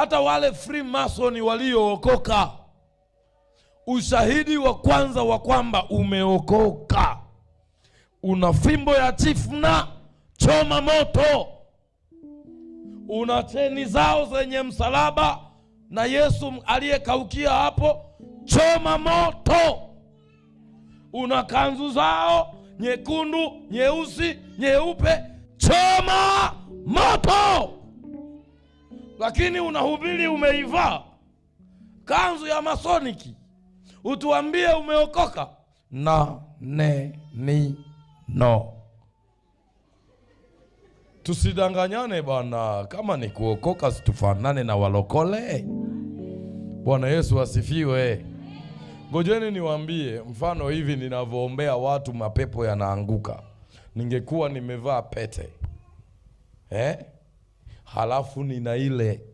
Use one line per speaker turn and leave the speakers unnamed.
hata wale Freemason waliookoka, ushahidi wa kwanza wa kwamba umeokoka, una fimbo ya chifu na choma moto, una cheni zao zenye msalaba na Yesu aliyekaukia hapo, choma moto, una kanzu zao nyekundu, nyeusi, nyeupe, choma lakini unahubiri umeivaa kanzu ya masoniki utuambie umeokoka na ne ni no
tusidanganyane bwana kama ni kuokoka situfanane na walokole bwana yesu asifiwe ngojeni niwambie mfano hivi ninavyoombea watu mapepo yanaanguka ningekuwa nimevaa pete eh? halafu nina ile